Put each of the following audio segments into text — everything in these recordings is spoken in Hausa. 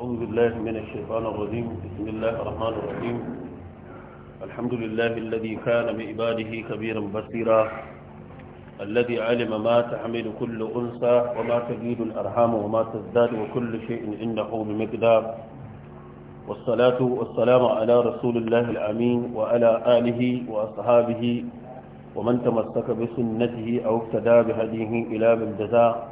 أعوذ بالله من الشيطان الرجيم بسم الله الرحمن الرحيم الحمد لله الذي كان بعباده كبيرا بصيرا الذي علم ما تحمل كل أنثى وما تجيد الأرحام وما تزداد وكل شيء عنده بمقدار والصلاة والسلام على رسول الله الأمين وعلى آله وأصحابه ومن تمسك بسنته أو اقتدى بهديه إلى بالجزاء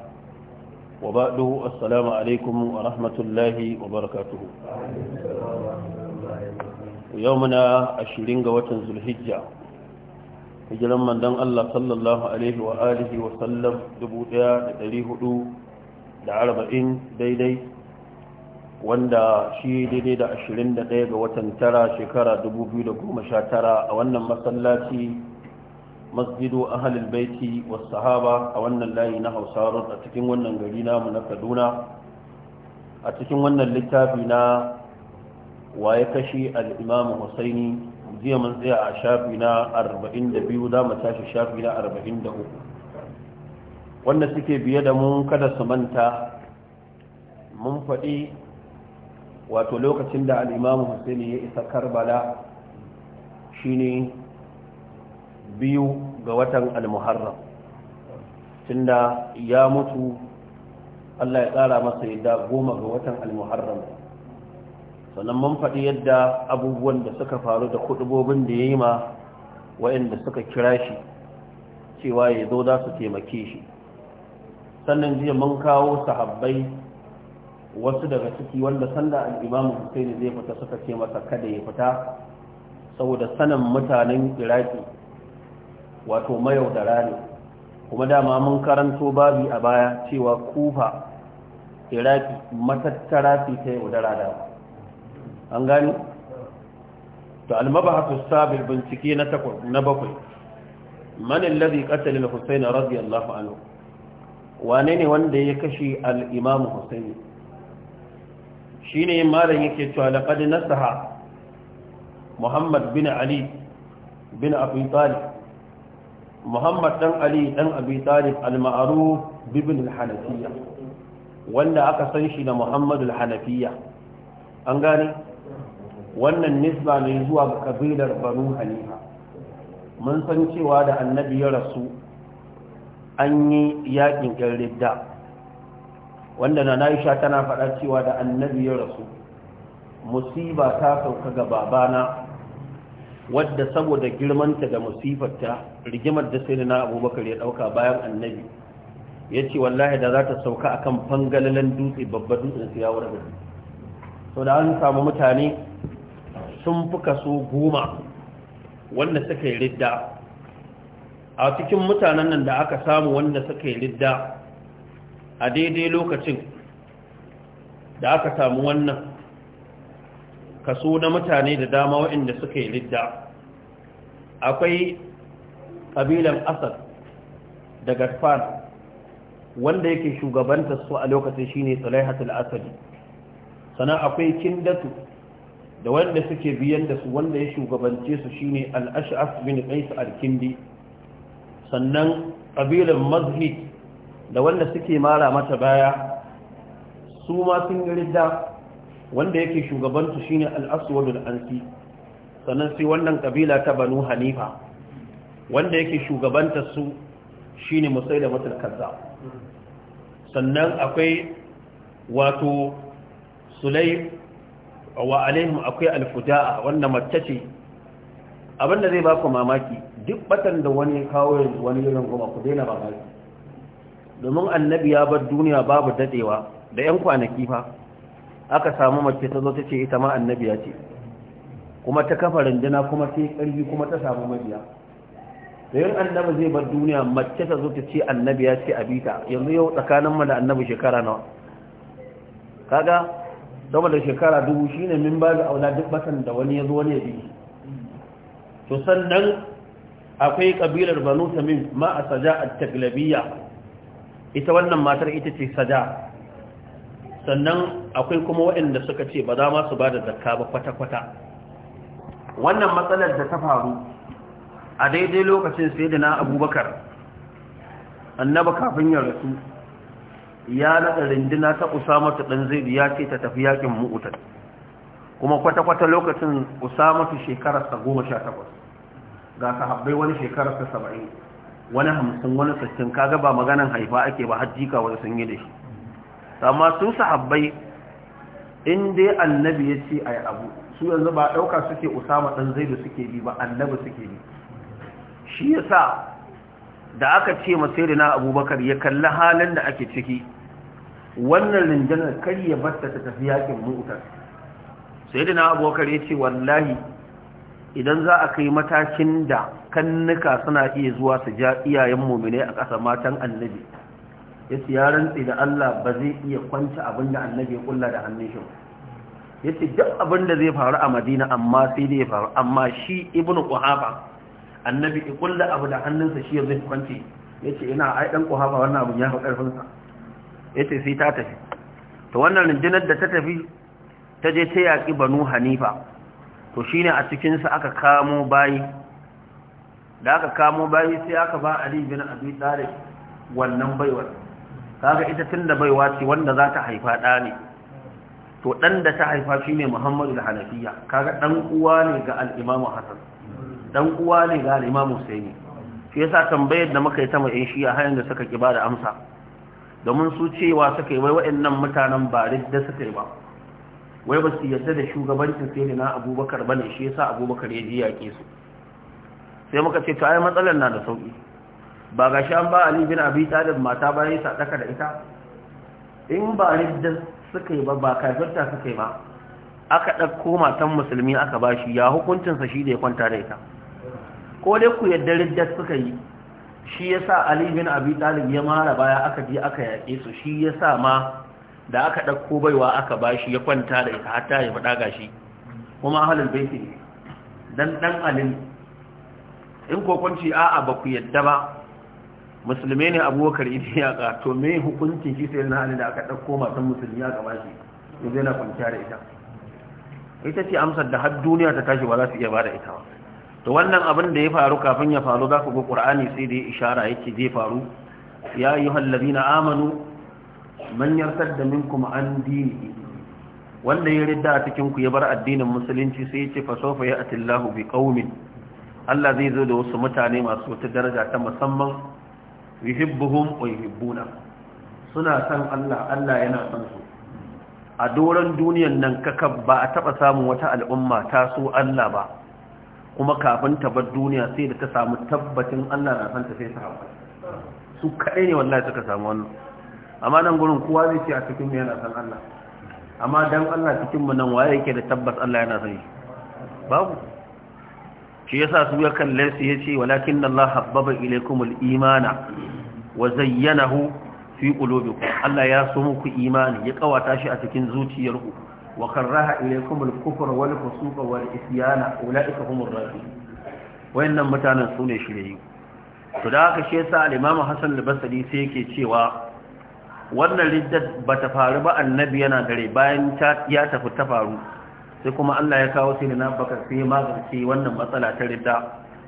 وبعد السلام عليكم ورحمة الله وبركاته يومنا عشرين قوة ذو الحجة hijiran mandan Allah sallallahu Alaihi wa alihi wa sallam 1440 daidai wanda shi daidai da ɗaya ga watan tara shekara Tara, a wannan masallaci masjidu ahalil baiti wa sahaba a wannan layi na hausarar a cikin wannan gari namu na kaduna a cikin wannan littafi na waye kashe al'imamu husaini jiya mun tsaya a shafi na 42 za mu tashi shafi na 43 wanda suke biye da mun kada su manta mun faɗi wato lokacin da al'imamu husaini ya isa karbala shine biyu ga watan almuharram tunda ya mutu Allah ya tsara masa yadda goma ga watan almuharram sannan mun faɗi yadda abubuwan da suka faru da kudubobin da ya yi ma wa'inda suka kira shi cewa ya zo za su taimake shi sannan jiya mun kawo sahabbai wasu daga ciki wanda sanda al'imamu da zai fita suka ce masa kada ya fita saboda sanin mutanen iraki wato mayaudara ne kuma dama mun karanto babi a baya cewa kufa iraki matattara ta yaudara da an gani to almabahatu sabil bincike na takwas na bakwai man alladhi katalin al-husayn radiyallahu anhu wane ne wanda ya kashe alimam imam husayn shine malam yake cewa laqad nasaha muhammad bin ali bin abi talib muhammad dan ali dan abi talib al-ma'ruf bibin al wanda aka san shi da muhammad al an gane wannan nisba ne zuwa ga kabilar banu hanifa mun san cewa da annabi ya rasu an yi yakin ridda wanda na Aisha tana faɗa cewa da annabi ya rasu musiba ta sauka ga babana wadda saboda girmanta da musifarta rigimar da sai na abubakar ya dauka bayan annabi ya ce wallahi da za ta sauka akan fangalalan dutse babban dutsen su ya wurin sau da an samu mutane sun fi kaso goma wanda suka yi ridda a cikin mutanen nan da aka samu wanda suka yi ridda a daidai lokacin da aka samu wannan kaso na mutane da dama waɗanda suka yi lidda akwai ƙabilan asad da gasfan wanda yake shugabanta su a lokacin shine salaihatul asali sannan akwai kindatu da wanda suke biyan da su wanda ya shugabance su shine al-ash'af bin qais al-kindi sannan ƙabilan mazhid da wanda suke mara mata baya su ma sun yi ridda wanda yake shugabantu shine al-aswadul ansi sannan sai wannan kabila ta banu hanifa wanda yake shugabanta su shine musailamatul kazzab sannan akwai wato sulaim wa alaihim akwai al-fudaa wanda mace ce abinda zai baku mamaki duk batan da wani kawo yanzu wani irin goma ku daina mamaki domin annabi ya bar duniya babu dadewa da yan kwanaki fa aka samu mace ta zo ta ce ita ma annabiya ce kuma ta kafa rinjina kuma ta yi ƙarfi kuma ta samu mabiya da yin annabi zai bar duniya mace ta zo ta ce annabiya ce a bita yanzu yau tsakanin mu da annabi shekara nawa kaga sama da shekara dubu shi ne min ba da aula duk batan da wani ya zo wani ya bi to sannan akwai kabilar banu tamim ma a saja a taglabiyya ita wannan matar ita ce saja sannan akwai kuma waɗanda suka ce ba za ma su ba da zakka ba kwata-kwata wannan matsalar da ta faru a daidai lokacin sai da na abubakar annaba kafin ya rasu ya naɗa rindina ta usamatu ɗan zaidu ya ce ta tafi yakin mu'utar kuma kwata-kwata lokacin usamatu sa goma sha takwas ga sahabbai wani sa saba'in wani hamsin wani sassin kaga ba maganan haifa ake ba hajjika wani sun yi da shi amma su sahabbai in dai annabi ya ce a abu su yanzu ba ɗauka suke usama ɗan zaidu suke bi ba annabi suke bi shi ya sa da aka ce ma na abubakar ya kalli halin da ake ciki wannan rinjanar kar ya batta ta tafi yakin mu'utar sai da abubakar ya ce wallahi idan za a kai matakin da kannuka suna iya zuwa su ja iyayen mummune a ƙasa matan annabi ya ce ya rantse da Allah ba zai iya kwanci abin da annabi ya kulla da hannun shi ya ce duk abin da zai faru a madina amma sai da ya faru amma shi ibn kuhafa annabi ya kulla abu da hannunsa shi ya zai kwanci ya ce ina ai dan kuhafa wannan abin ya fi karfinsa ya ce sai ta tafi to wannan rundunar da ta tafi ta je ta yaƙi banu hanifa to shine a cikinsa aka kamo bayi da aka kamo bayi sai aka ba Ali bin Abi Talib wannan baiwar kaga ita tunda baiwa ce wanda za ta haifa ɗa ne to ɗan da ta haifa shi ne muhammadu da hanafiya kaga ɗan uwa ne ga al'imamu hassan ɗan uwa ne ga al'imamu husaini shi yasa tambayar da muka yi ta mai shi a hanyar da suka ki ba da amsa domin su cewa suka yi wai nan mutanen ba da suka yi ba wai ba su yarda da shugabancin sai na abubakar bane shi yasa abubakar ya ji yaƙe su sai muka ce to ai matsalar na da sauƙi ba ga shan ba Ali bin Abi Talib mata bayan sa daka da ita in ba ridda suka yi ba ba kafirta suka yi ba aka ɗauko matan musulmi aka ba shi ya hukuncinsa shi da ya kwanta da ita ko dai ku yadda riddar suka yi shi ya sa Ali bin Abi Talib ya mara baya aka je aka yaƙe su shi ya sa ma da aka ɗauko baiwa aka ba shi ya kwanta da ita hata ya faɗa gashi kuma halin baiti ne dan dan alin in ko kwanci a'a ba ku yadda ba musulmi ne abubakar ita ya ka to me hukuncin shi sai na da aka ɗauko masu musulmi ya gaba shi ya zai na kwanciya da ita ita ce amsar da har duniya ta tashi ba za su iya ba da ita ba to wannan abin da ya faru kafin ya faru za ku ga ƙur'ani sai da ya ishara ce zai faru ya yi hallabi na amanu man yartar da kuma an dini wanda ya rida a cikin ku ya bar addinin musulunci sai ya ce fasofa ya atillahu bi qaumin Allah zai zo da wasu mutane masu wata daraja ta musamman yuhibbuhum wa yuhibbuna suna san Allah Allah yana san su a doran duniyan nan kaka ba a taba samun wata al'umma ta so Allah ba kuma kafin ta bar duniya sai da ta samu tabbacin Allah na san ta sai hawa su kadai ne wallahi suka samu wannan amma nan gurin kowa zai ce a cikin yana san Allah amma dan Allah cikin mu nan waye yake da tabbas Allah yana san shi babu shi yasa su ya kalli su yace walakin Allah habbaba ilaykumul imana wa zayyanahu fi qulubikum Allah ya so muku imani ya kawata shi a cikin zuciyarku wa karaha ilaykumul kufra wal fusuqa wal isyana ulaika humur rashidun wayannan mutanen sune shiriyu to da haka shi yasa al Hassan al-Basri sai yake cewa wannan riddat bata faru ba annabi yana dare bayan ya tafi ta faru sai kuma Allah ya kawo sai na bakar sai magarci wannan matsala ta ridda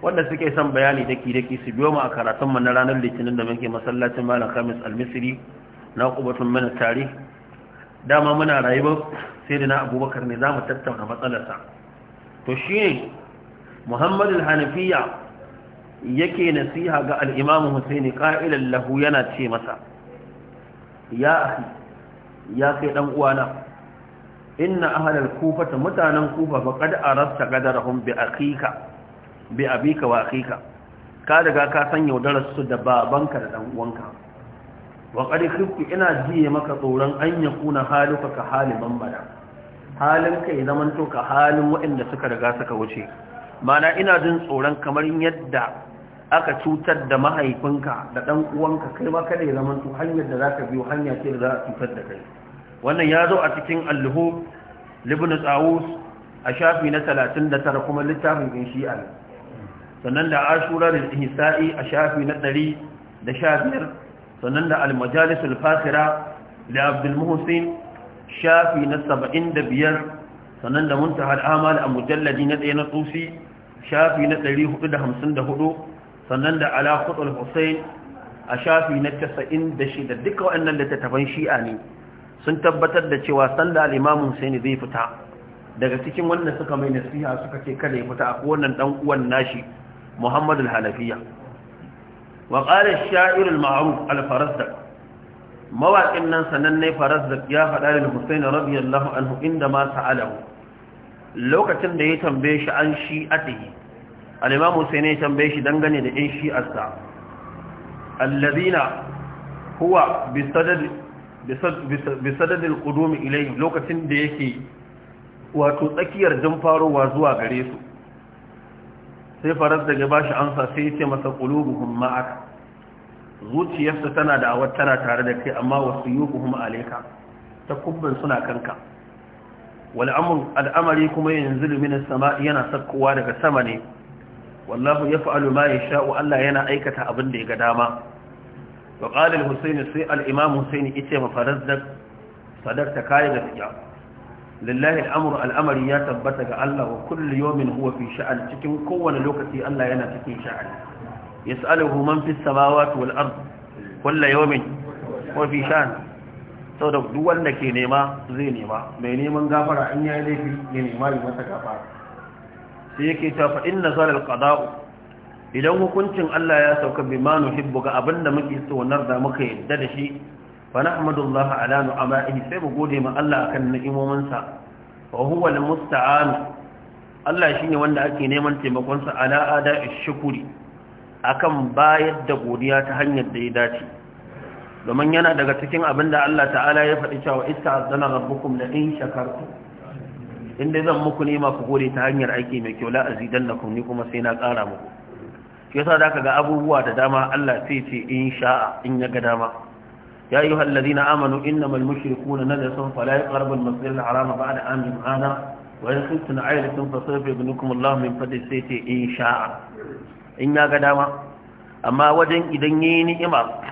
wanda suke son bayani daki daki su biyo mu a karatun mu na ranar litinin da muke masallacin malam Khamis al-Misri na kubatun mana tare dama muna rayuwa sai da na Abubakar ne zamu tattauna matsalar sa to shine Muhammad al-Hanafiya yake nasiha ga al-Imam Hussein qa'ilan lahu yana ce masa ya ya kai dan uwana inna Kufa kufata mutanen kufa ba kada a rasta bi bi abika wa akika ka daga ka san yaudarar su da babanka da dan uwanka wa qad ina jiye maka tsoron an kuna haluka ka halin bada halin ka ya zaman to ka halin waɗanda suka riga suka wuce mana ina jin tsoron kamar yadda aka cutar da mahaifinka da dan kai ma kada ya zaman to hanyar da zaka biyo hanya ce da za a cutar da kai wannan ya zo a cikin alluhu libin tsawus a shafi na 39 kuma littafin in shi'a ne sannan da ashura da ihsa'i a shafi na 100 da shafiyar sannan da almajalisul fasira da abdul muhsin shafi na 75 sannan da muntahar amal a mujalladi na 1 na tsufi shafi na 454 sannan da ala khutul husain a shafi na 96 duka waɗannan littattafan shi'a ne sun tabbatar da cewa sanda Alimamu imamu zai fita daga cikin wannan suka mai nasiha suka ce kada ya fita a wannan dan uwan nashi Muhammadu al-Hanafiya wa qala al-ma'ruf nan sananne Farazdaq ya faɗa lil Husaini radiyallahu anhu inda ma sa'alahu lokacin da ya tambaye shi an shi atihi Alimamu imamu ya tambaye shi dangane da ɗin shi'arsa alladhina huwa bi bisadadin kudumi ilai lokacin da yake wato tsakiyar jan farowa zuwa gare su sai faras daga ba shi ansa sai ya ce masa ƙulubuhun ma'aka zuciyarsa tana da awar tana tare da kai amma wasu yi kuma alaika ta kubbin suna kanka al'amari kuma yanzu zulumin sama yana sakkowa daga sama ne wallahu ya fa'alu ma ya sha'u Allah yana aikata abin da ya ga dama وقال الحسين سي الإمام حسين إتيم فرزدك صدقت كاي غسيا لله الأمر الأمر يا تبتك الله وكل يوم هو في شأن تكن كون لوكتي الله ينا تكن شأن يسأله من في السماوات والأرض كل يوم هو في شأن sau da duk wanda ke nema zai nema mai neman gafara in yayi laifi ne nema yi masa gafara sai yake cewa fa inna zalal qada'u idan hukuncin Allah ya sauka bi ma nuhibbu ga abinda muke so da muka yadda da shi fa nahmadullahi ala nu'ama'ihi sai mu gode ma Allah akan ni'imomin sa wa huwa al-musta'an Allah shine wanda ake neman taimakon sa ala ada shukuri akan bayar da godiya ta hanyar da ya dace domin yana daga cikin abinda Allah ta'ala ya faɗi cewa ista'zana rabbukum la in shakartum inda zan muku nema ku gode ta hanyar aiki mai kyau la azidannakum ni kuma sai na ƙara muku yasa da ka ga abubuwa da dama Allah sai ce in sha'a in ya ga dama ya yi hallazi na amanu inna mal kuna na nazarin fala ya karbar masu harama ba da amin ana wa sun tuna ayyar sun fasar fi gani kuma min fadi sai ce in sha'a in ya ga dama amma wajen idan ya yi ni'ima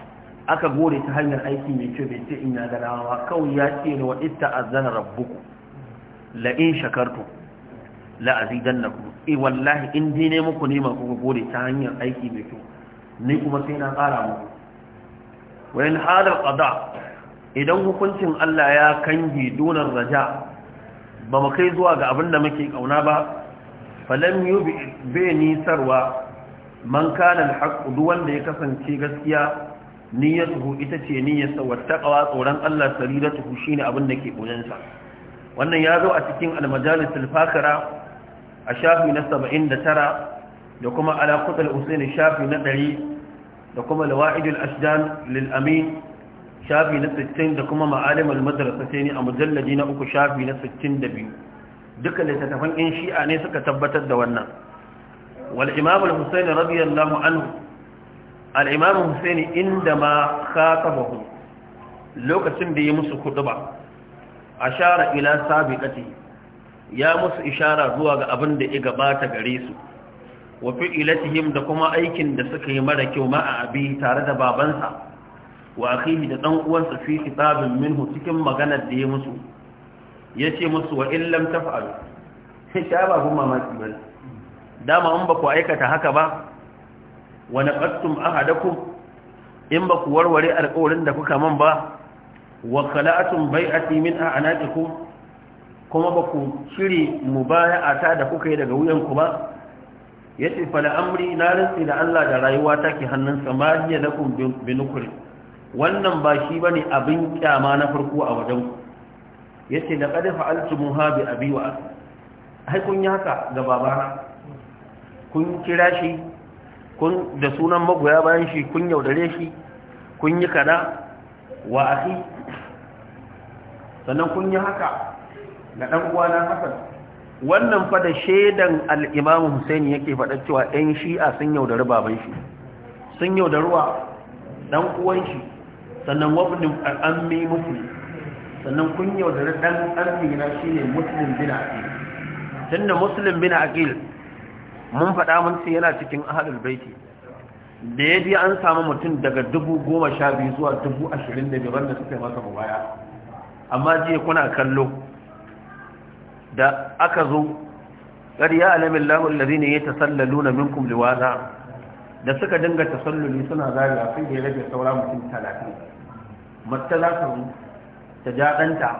aka gore ta hanyar aiki mai kyau bai ce in ya ga dama ba kawai ya ce wa ita azana rabbuku la in shakartu la azidannakum eh wallahi in dai ne muku nima kuka gode ta hanyar aiki mai kyau ni kuma sai na ƙara muku wa in hadal qada idan hukuncin Allah ya kange donar raja ba mu kai zuwa ga abin da muke kauna ba falam yubi be nisarwa man kana alhaq wanda ya kasance gaskiya niyyatuhu ita ce niyyarsa wa taqwa tsoron Allah sariratuhu shine abin da ke koyan wannan ya zo a cikin almajalisul fakara a shafi na 79 da kuma ala kutul usaini shafi na 100 da kuma lawaidul ashdan lil amin shafi na 60 da kuma ma'alimul madrasatayn a mujallaji na uku shafi na 62 duka littattafan in shi'a ne suka tabbatar da wannan wal imam al-husaini radiyallahu anhu al-imam husaini indama khatabahu lokacin da ya musu kutuba ashara ila sabiqatihi ya musu ishara zuwa ga abin da ya gabata gare su wa fi'ilatihim da kuma aikin da suka yi mara kyau ma a abi tare da babansa wa akhihi da dan uwansa fi kitabin minhu cikin maganar da ya musu yace musu wa in lam taf'alu sai ta ba kuma mamaki ba dama an ba ku aikata haka ba wa naqattum ahadakum in ba ku warware alƙawarin da kuka man ba wa khala'atum bai'ati min a'naqikum kuma ba ku cire baya ta da kuka yi daga wuyanku ba ya ce fala amri na rantsi da Allah da rayuwa take hannunsa ma hiya lakum binukuri wannan ba shi bane abin kyama na farko a wajen ku yace da qad fa'altumuha bi abi wa ai kun yi haka ga babana kun kira shi kun da sunan magoya bayan shi kun yaudare shi kun yi kada wa akhi sannan kun yi haka da ɗan uwana hasan wannan fa da shaidan al-imam Hussein yake faɗa cewa ɗan shi'a sun yaudari baban shi sun yaudari wa ɗan uwan shi sannan al al'ammi muslim sannan kun yaudari ɗan ɗanfina na shine muslim bin aqil tunda muslim bin aqil mun faɗa mun ce yana cikin ahlul baiti da ya bi an samu mutum daga dubu goma sha biyu zuwa dubu ashirin da biyar da suka yi masa mubaya amma jiya kuna kallo da aka zo qad ya'lamu Allahu alladhina yatasallaluna minkum liwaza da suka dinga tasalluli suna zagaya sai da ya rage saura mutum 30 matsala ta ja danta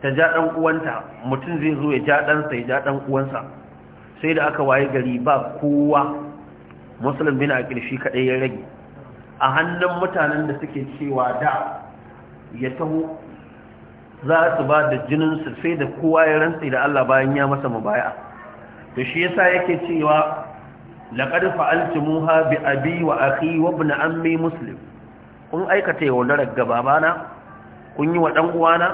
ta ja ɗan uwanta mutum zai zo ya ja ɗansa ya ja ɗan uwansa sai da aka waye gari ba kowa musulun bina a ƙirshi kaɗai ya rage a hannun mutanen da suke cewa da ya taho za su ba da jininsu sai da kowa ya rantsi da Allah bayan ya masa mabaya to shi yasa yake cewa laqad ha bi abi wa akhi wa ibn ammi muslim kun aikata gaba bana kun yi wa dan uwana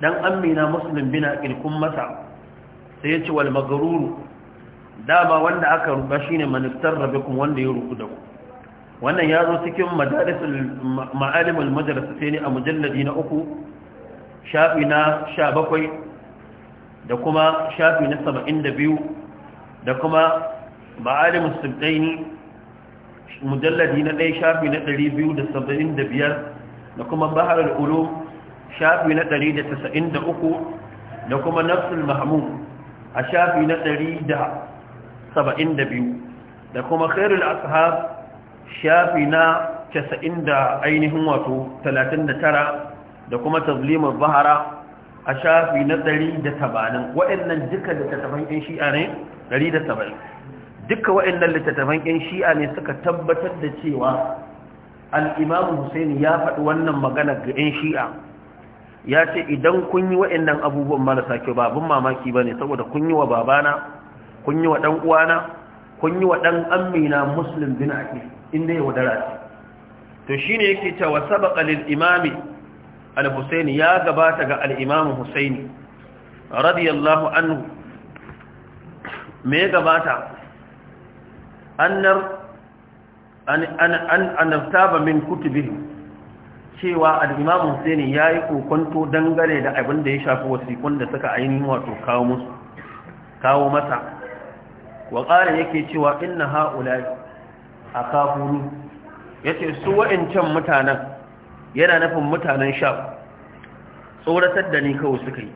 dan musulun muslim bina kun masa sai yace wal magruru dama wanda aka ruba shine manistar rabbikum wanda ya ruku da ku wannan ya zo cikin madarisul ma'alimul madrasa sai ne a mujalladi na uku shafi na sha bakwai da kuma shafi na saba'in da biyu da kuma ma'alimin sultaini mujalladi na ɗaya shafi na ɗari biyu da saba'in da biyar da kuma bahar al'ulu shafi na ɗari da tasa'in da uku da kuma nafsul mahmud a shafi na ɗari da saba'in da biyu da kuma khairul ashab shafi na casa'in da ainihin wato talatin da tara da kuma tazlimul zahara a shafi na 180 waɗannan duka littattafan ƴan shi'a ne 170 duka waɗannan littattafan ƴan shi'a ne suka tabbatar da cewa al-Imam Hussein ya faɗi wannan magana ga ƴan shi'a ya ce idan kun yi waɗannan abubuwan marasa kyau babun mamaki bane saboda kun yi wa babana kun yi wa dan uwana kun yi wa dan ammina muslim bin aqil inda ya wadara ce to shine yake cewa sabaqa lil imami al-husaini ya gabata ga al-imam husaini radiyallahu anhu me gabata annar an anabtaba min kutubihi cewa al-imam husaini yayi kokonto dangane da abin da ya shafi wasikun da suka ainihin wato kawo musu kawo masa wa qala yake cewa inna haula akafuni yace su wa'ancan mutanen yana nufin mutanen sha tsoratar da ni kawai suka yi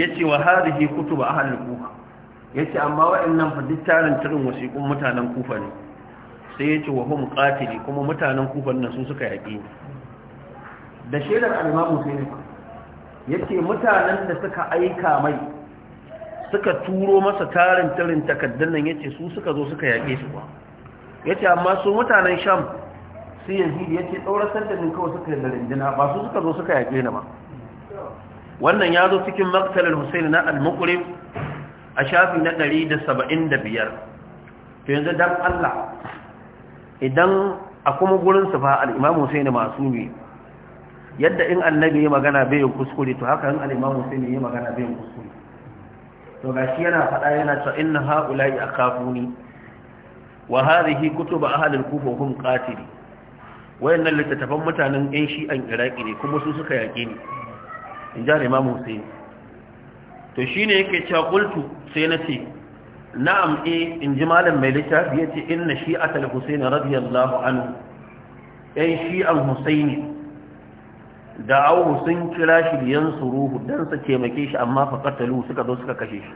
ya ce wa harihi kutu ba hannun kufa ya ce amma waɗannan fadin tarin turin wasiƙun mutanen kufa ne sai ya ce wa hum ƙatili kuma mutanen kufa nan su suka yaƙi da shaidar alimamu sai ne ya ce mutanen da suka aika mai suka turo masa tarin turin takaddun nan ya ce su suka zo suka yaƙe su ba ya ce amma su mutanen sham sai yazid ya ce tsoratar da ni kawai suka yi rindina ba su suka zo suka yaƙe ni ba wannan ya zo cikin maktalar husaini na al-muqrim a shafi na 175 to yanzu don Allah idan a kuma gurin su fa al-imam husaini masumi yadda in annabi ya magana bai yi kuskure to haka in al-imam husaini ya magana bai yi kuskure to shi yana faɗa yana cewa inna haula'i kafuni wa hadhihi kutubu ahli al-kufa hum qatili wayannan littattafan mutanen yan shi'an iraki ne kuma su suka yaƙi ni in ja da hussein to shi ne yake cewa kultu sai na ce na'am e in ji malam mai littafi yace inna tal husayn radiyallahu anhu yan shi'an husaini da awu sun kira shi da yansuruhu dan su taimake shi amma fa suka zo suka kashe shi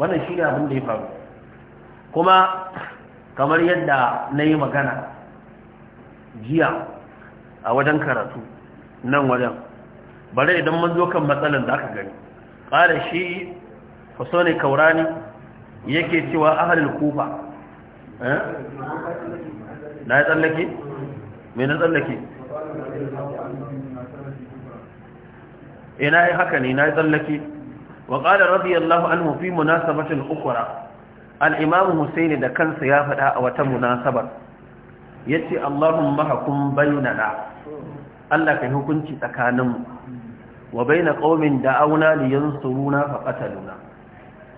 wannan shi ne abin da ya faru kuma kamar yadda na yi magana jiya a wajen karatu nan wajen bare idan mun zo kan matsalan da aka gani ƙara shi fasone kaurani yake cewa ahalil kufa eh? na ya tsallake? mai na tsallake? ina eh, yi haka ne na ya tsallake wa ƙada radiyallahu anhu fi munasabatin ukura al'imamu husaini da kansa ya faɗa a wata munasabar Ya yace Allahumma hakum bainana Allah kai hukunci tsakaninmu wa baina qaumin suruna liyansuruna faqataluna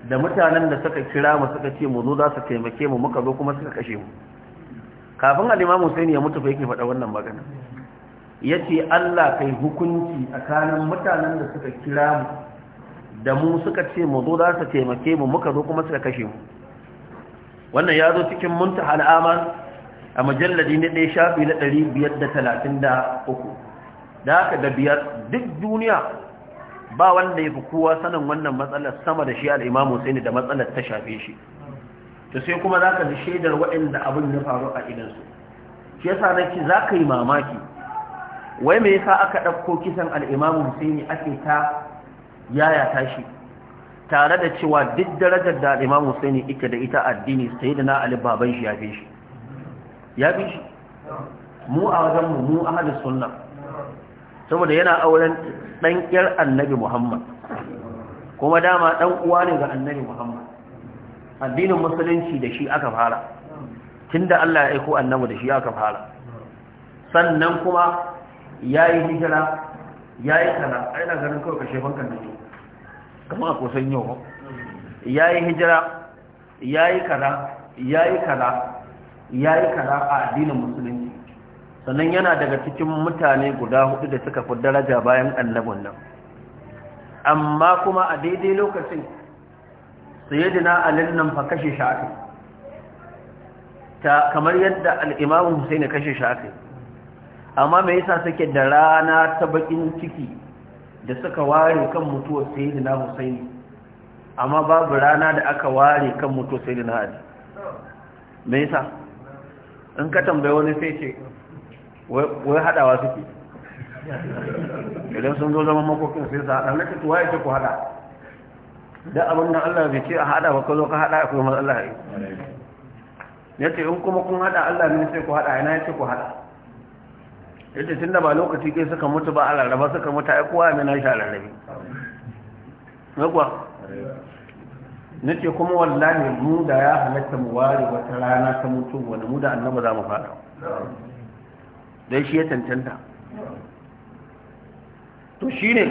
da mutanen da suka kira mu suka ce mu zo za su taimake mu muka zo kuma suka kashe mu kafin al-Imam Hussein ya mutu fa yake faɗa wannan magana Ya ce, Allah kai hukunci tsakanin mutanen da suka kira mu da mu suka ce mu zo za su taimake mu muka zo kuma suka kashe mu wannan ya zo cikin muntahal amal a majalladi na ɗaya shafi na ɗari biyar da talatin da uku da aka da biyar duk duniya ba wanda ya fi kowa sanin wannan matsalar sama da shi al'imamu sai ne da matsalar ta shafe shi Ta sai kuma za ka ji shaidar waɗanda abin ya faru a idansu shi yasa na ki za ka yi mamaki wai mai yasa aka ɗauko kisan al'imamu ne ake ta yaya tashi tare da cewa duk darajar da al'imamu ne ita da ita addini sai da na ali baban shi ya fi shi ya bi shi mu a wajen mu mu sunna saboda yana auren dan kyar annabi Muhammad kuma dama dan uwa ne ga annabi Muhammad addinin musulunci da shi aka fara tunda Allah ya aiko annabi da shi aka fara sannan kuma yayi hijira yayi kana ai na ganin kawai kashe bankan da kamar ko kusan yau yayi hijira yayi kana yayi kana ya yi kaza a addinin musulunci sannan yana daga cikin mutane guda hudu da suka fi daraja bayan annabin nan amma kuma a daidai lokacin sayyidina alin nan fa kashe shafi ta kamar yadda al'imamu na kashe shafi amma mai yasa suke da rana ta bakin ciki da suka ware kan mutuwar sayyidina husaini amma babu rana da aka ware kan mutuwar sayyidina ali mai yasa in ka tambaye wani sai ce wai haɗawa suke idan sun zo zaman makokin sai su haɗa na tuwa ya ce ku haɗa da abin da Allah bai ce a haɗa ba ka zo ka haɗa akwai mai ya ya ce in kuma kun haɗa Allah ne sai ku haɗa Ina ya ce ku haɗa ya ce tun da ba lokaci kai suka mutu ba a rarraba suka mutu ai kowa mai nashi a rarrabe na kuwa nace kuma wallahi mu da ya halatta mu ware wata rana ta mutum, wani mu da annaba za mu fada dai shi ya cancanta to shi ne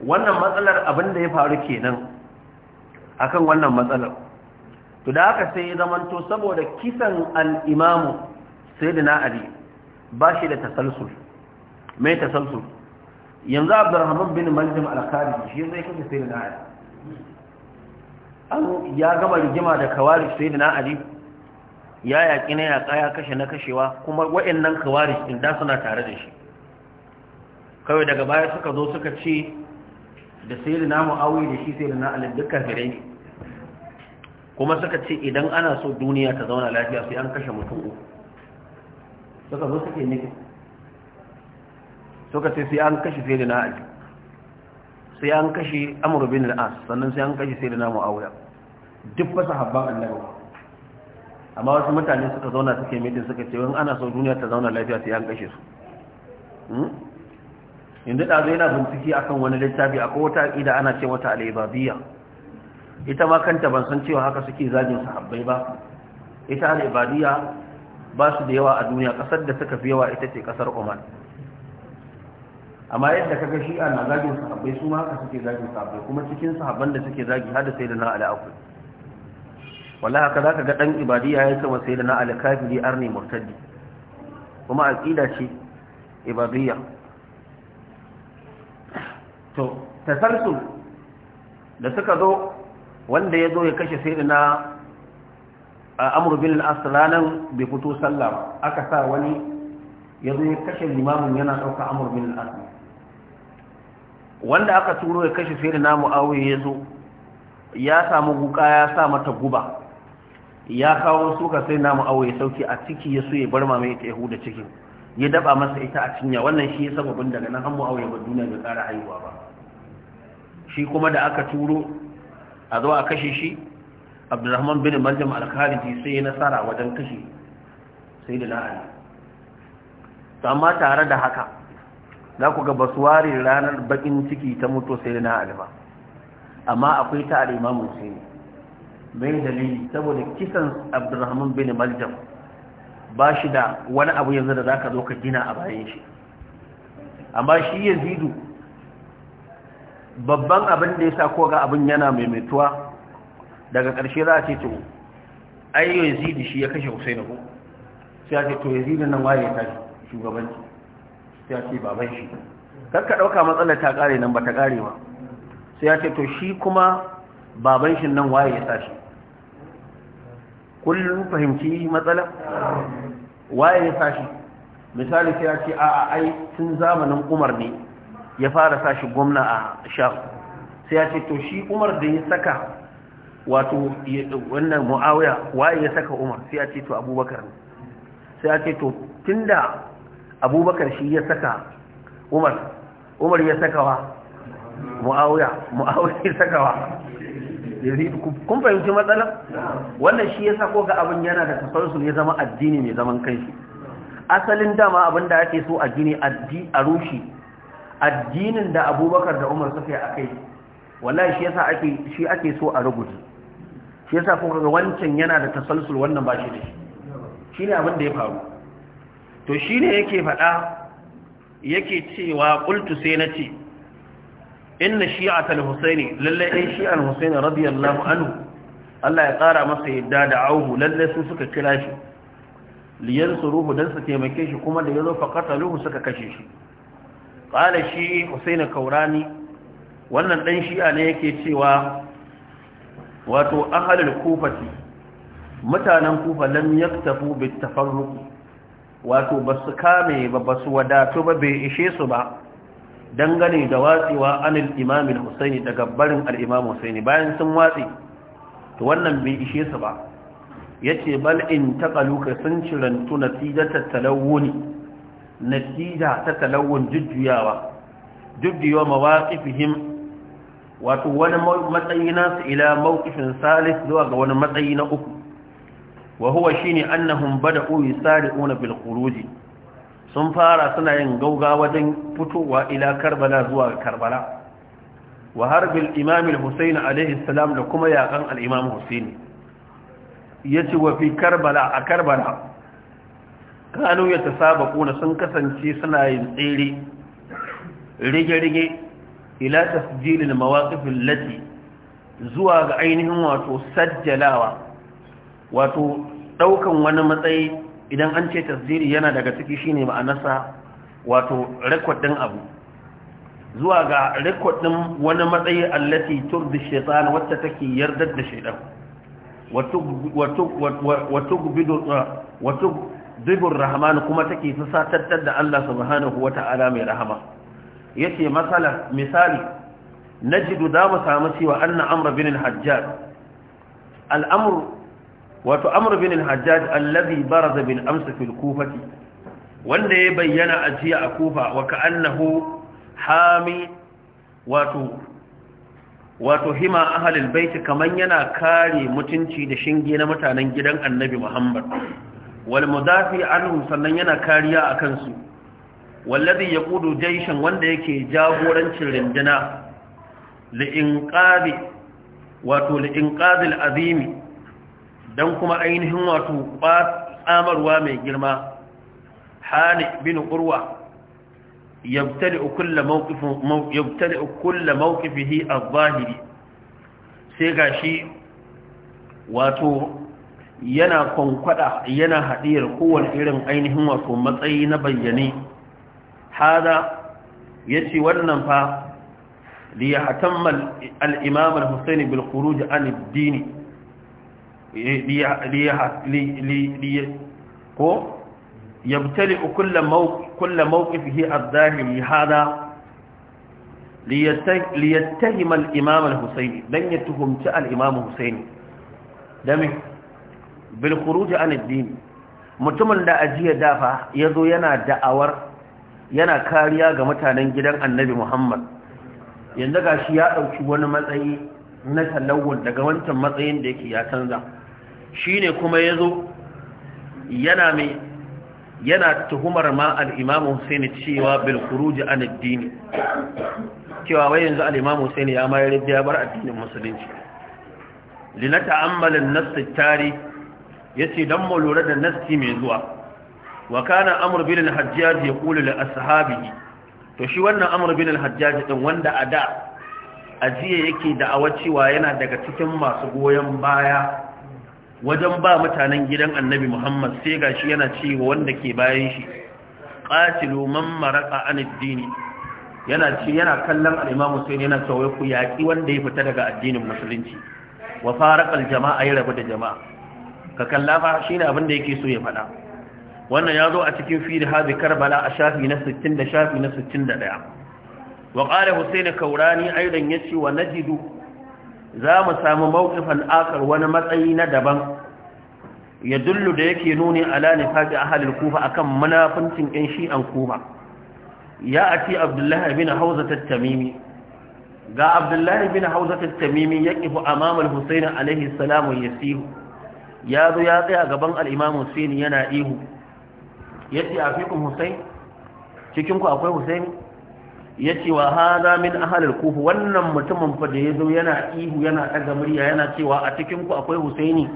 wannan matsalar abin da ya faru kenan akan wannan matsalar to da aka sai ya zamanto saboda kisan al'imamu sai da na'ari ba shi da tasalsul mai tasalsul yanzu abdurrahman bin maljim al-khariji shi zai kasa sai da na'ari an ya gama rigima da kawarish sai na ali ya yaƙi na yaƙa ya kashe na kashewa kuma waɗannan kawarij din da suna tare da shi kawai daga baya suka zo suka ce da sai da na awi da shi sai da na ali duka firai kuma suka ce idan ana so duniya ta zauna lafiya sai an kashe mutum uku suka zo suke nufi suka ce sai an kashe sai da na ali sai an kashe Amurbin da'as sannan sai an kashe sai da na awuya duk fasa habban annabi amma wasu mutane suka zauna suke mitin suka ce wani ana so duniya ta zauna lafiya ta yan kashe su inda hmm? zai yana bincike akan wani littafi a wata aƙida ana ce wata al'ibabiyya ita ma kanta ban san cewa haka suke zagin sahabbai ba ita al'ibadiyya ba su da yawa a duniya ƙasar da suka fi yawa ita ce ƙasar oman amma yadda kaga shi'a na zagin sahabbai su ma haka suke zagin sahabbai kuma cikin sahabban da suke zagi har da sai da na al'akul. wallahi haka zaka ga dan ibadiya yake wa sayyidina al-kafiri arni murtadi kuma aqida ce ibadiyya to tasarsu da suka zo wanda ya zo ya kashe sayyidina amr bin al-aslanan bi fito sallah aka sa wani ya zo ya kashe limamin yana dauka amru bin al-aslan wanda aka turo ya kashe sayyidina muawiya ya zo ya samu guka ya sa mata guba ya kawo suka sai namu awo ya sauki a ciki ya suye bar mama ya taihu da cikin ya daba masa ita a cinya wannan shi ya sababin daga nan hammu awo ya bar duniya da kara haihuwa ba shi kuma da aka turo a zo a kashe shi abdurrahman bin maljam al sai ya nasara wajen kashe sai da To amma tare da haka za ku ga ware ranar bakin ciki ta mutu sai da na'ali ba amma akwai ta al-imamu sai mai dalili saboda kisan abdurrahman bin maljam ba shi da wani abu yanzu da za ka zo ka gina a bayan shi amma shi yazidu babban abin da ya sa koga abin yana maimaituwa daga ƙarshe za a ce to ai yazidu shi ya kashe husainu ko sai a ce to yazidu nan waye ya shugabanci sai a ce baban shi kakka ɗauka matsalar ta ƙare nan ba ta ƙare ba sai a ce to shi kuma baban shi nan waye ya tashi kullum fahimci matsala waye ya tashi misali sai ya ce a a ai tun zamanin umar ne ya fara sashi gwamna a shaf. sai ya ce to shi umar da ya saka wato wannan mu'awiya waye ya saka umar sai ya ce to abubakar ne sai ya ce to tunda abubakar shi ya saka umar umar ya saka wa? mu'awiya mu'awiya ya saka wa? kun fahimci matsalar wannan shi yasa ko ga abin yana da tafarsu ya zama addini mai zaman kanshi asalin dama abin da ake so addini addi a rushi addinin da abubakar da umar suka yi a kai wallahi shi yasa ake shi ake so a rubuta shi yasa ko ga wancan yana da tasalsul wannan ba shi da shi shine abin da ya faru to shine yake fada yake cewa qultu sai na ce inna al husaini lalle ɗan shi'ar husaini radiyallahu anhu Allah ya ƙara masa yadda da auhu lalle su suka kira shi liyan suruhu dan su taimake shi kuma da yazo faqataluhu suka kashe shi qala shi husaini kaurani wannan ɗan shi'a ne yake cewa wato ahlul kufati mutanen kufa lam yaktafu bit tafarruq wato basu kame ba basu wadato ba bai ishe su ba dangane da watsewa anil imamin husaini daga barin al'imam husaini bayan sun watse to wannan bai ishe su ba ya ce bal in taƙaluka sun cirantu natija ta talawuni natija jujjuyawa, talawun jujjuyawa jujjuyawa wato wani matsayi nasu ila mawƙifin salis zuwa ga wani matsayi na uku wa huwa shine annahum bada'u yusari'una bil khuruji sun fara suna yin gauga wajen fitowa ila karbala zuwa karbala wa harbil imam al-husayn da kuma yakan al-imam husayn yace wa fi karbala a karbala kanu ya yatasabaquna sun kasance suna yin tsere rige rige ila tasjil al-mawaqif allati zuwa ga ainihin wato sajjalawa wato ɗaukan wani matsayi idan an ce tasdiri yana daga ciki shine ma'anarsa wato record din abu zuwa ga record din wani matsayi allati turdi shaytan wacce take yardar da shaytan wato dubur rahman kuma take fusatar da Allah subhanahu wata'ala mai rahama yace masala misali najidu da mu samu cewa anna amr bin al-hajjaj al-amr wato amr bin al-hajjaj allazi baraza bil amsa fil kufati wanda ya bayyana a jiya a kufa wa ka'annahu hami wato wato hima ahlul bait kaman yana kare mutunci da shinge na mutanen gidan annabi muhammad wal mudafi anhum sannan yana kariya akan su wallazi yaqudu jayshan wanda yake jagorancin rinduna li wato li inqadil azimi don kuma ainihin wato tsamarwa mai girma hali bin ƙurwa yabtadi'u kulla mawqifin yabtadi'u kulla mawqifihi adh-dhahiri sai gashi wato yana kwankwada yana hadiyar kowane irin ainihin wato matsayi na bayyane hada yace wannan fa li yahtamma al-imam an ad ko yabtali kulla mawqifihi adh-dhahiri ya liyattahima al-imam al-husayn dan yatuhumta al-imam husayn dami bil khuruj an ad mutumin da ajiya dafa yazo yana da'awar yana kariya ga mutanen gidan annabi muhammad yanzu gashi ya ɗauki wani matsayi na talawun daga wancan matsayin da yake ya canza Shi ne kuma yazo yana mai yana tuhumar ma al Hussaini cewa bilkuruji an addini cewa wai yanzu al Hussaini ya mayar da ya bar addinin musulunci Lina ta'ammalin nass tari ya ce don mu lura da nassi mai zuwa wa kana amr ya kula da li ashabihi to shi wannan amur binin hajjaji ɗin wanda a da ajiye yake da'awa cewa yana daga cikin masu goyon baya wajen ba mutanen gidan annabi muhammad sai ga shi yana cewa wanda ke bayan shi qatilu man maraka an addini yana ce yana kallon al-imamu sai yana cewa ku yaki wanda ya fita daga addinin musulunci wa faraqal jama'a ya rabu da jama'a ka kalla fa shine abin da yake so ya faɗa wannan ya zo a cikin fili hadhi karbala a shafi na 60 da shafi na 61 wa qala husaini kaurani aidan ya yace wa najidu za mu samu mawqifan akar wani matsayi na daban ya dullu da yake nuni ala nifaqi ahli al-kufa kan munafincin ƴan shi'an kufa ya ati abdullahi bin hauza at ga abdullahi bin hauza at-tamimi yaqifu amama al-husayn alayhi salam yasihu ya zo ya tsaya gaban al Sini yana ihu Ya yace afikum husayn cikin Cikinku akwai husayn ya ce wa hada min ahalar kufu wannan mutumin fa da ya zo yana ihu yana ɗaga murya yana cewa a cikinku akwai husaini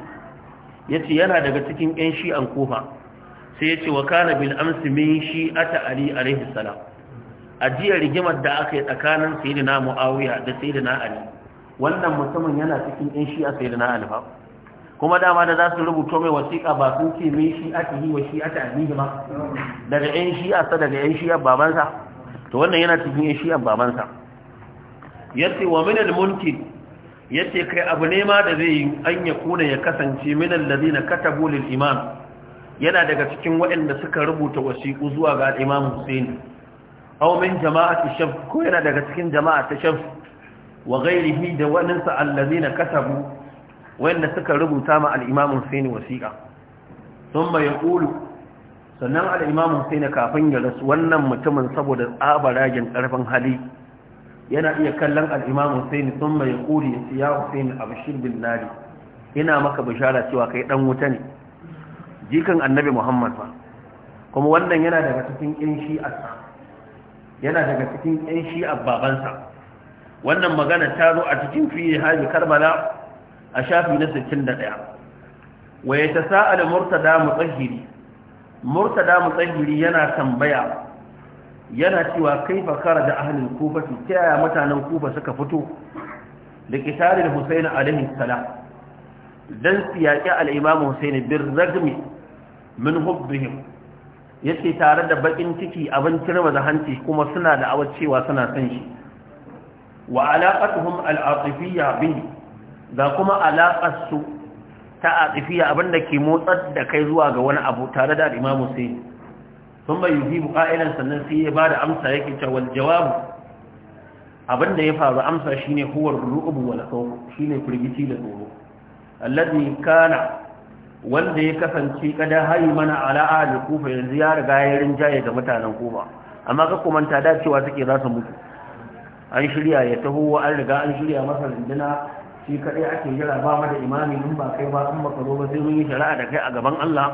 ya ce yana daga cikin 'yan an kofa sai ya ce wa kana bil amsi min shi'ata a rahis salam a jiya rigimar da aka yi tsakanin na muawiya da na ali wannan mutumin yana cikin 'yan shi'a da ali ba kuma dama da za su rubuto mai wasiƙa ba sun ce min yi wa shi a alihi ba daga 'yan a sa daga 'yan a babansa to wannan yana cikin shiyan babansa yace wa min al-munki yace kai abu ne ma da zai yi an ya kuna ya kasance min alladhina katabu lil imam yana daga cikin waɗanda suka rubuta wasiqu zuwa ga imam husaini aw min jama'ati shaf ko yana daga cikin jama'a ta shaf wa ghairihi da sa alladhina katabu waɗanda suka rubuta ma al-imam husaini wasiqa thumma yaqulu sannan al'imam Hussein kafin ya rasu wannan mutumin saboda tsabaragen ƙarfin hali yana iya kallon al'imam Hussein sun mai kuri ya siya a abshir bin nari Ina maka bishara cewa kai ɗan wuta ne jikan annabi Muhammad ba kuma wannan yana daga cikin a sa yana daga cikin ƴan a babansa wannan magana ta zo a cikin fiye haji karbala a shafi na 61 wa ya ta sa'ala murtada mutsahiri murtada mutsahiri yana tambaya yana cewa kai fakara da ahlul kufa ta yaya mutanen kufa suka fito da husaini alaihi salam don siyaqi al husaini bin ragmi min hubbihim yace tare da bakin ciki abin kirma da hanci kuma suna da awar cewa suna san shi wa alaqatuhum al-atifiyya bihi da kuma alaqasu ta a tsifiya abinda ke motsar da kai zuwa ga wani abu tare da imam Hussein sun bai yi ƙa’ilan sannan sai ya ba da amsa yake cewa jawabu abinda ya faru amsa shine huwar ru'ubu wal shi shine firgici da tsoro alladhi kana wanda ya kasance kada hayi mana ala da kufa yanzu ya riga ya rinjaye ga mutanen kufa amma ka kumanta da cewa suke za su mutu an shirya ya taho an riga an shirya masa rinduna shi kaɗai ake jira ba mu da imami in ba kai ba in ba karo ba sai mun yi shari'a da kai a gaban Allah